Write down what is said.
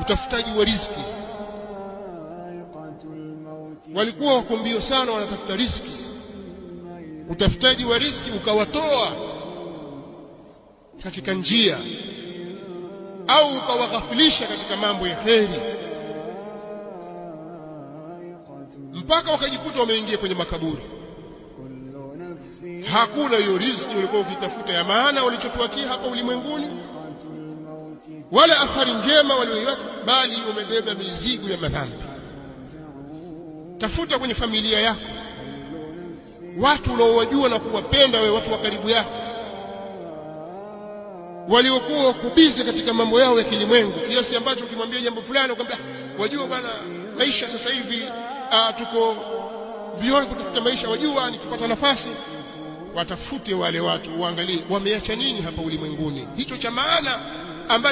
utafutaji wa riziki. Walikuwa wako mbio sana, wanatafuta riziki. Utafutaji wa riziki ukawatoa katika njia au ukawaghafilisha katika mambo ya kheri, mpaka wakajikuta wameingia kwenye makaburi. Hakuna hiyo riziki walikuwa ukitafuta ya maana walichotuachia hapa ulimwenguni wala athari njema walioiwaka bali umebeba mizigo ya madhambi. Tafuta kwenye familia yako watu unaowajua na kuwapenda wewe, watu wa karibu yako waliokuwa wakubize katika mambo yao ya kilimwengu, kiasi ambacho ukimwambia jambo fulani ukamwambia, wajua bwana, maisha sasa hivi uh, tuko vioni kutafuta maisha, wajua nikipata nafasi watafute wale watu, uangalie wameacha nini hapa ulimwenguni, hicho cha maana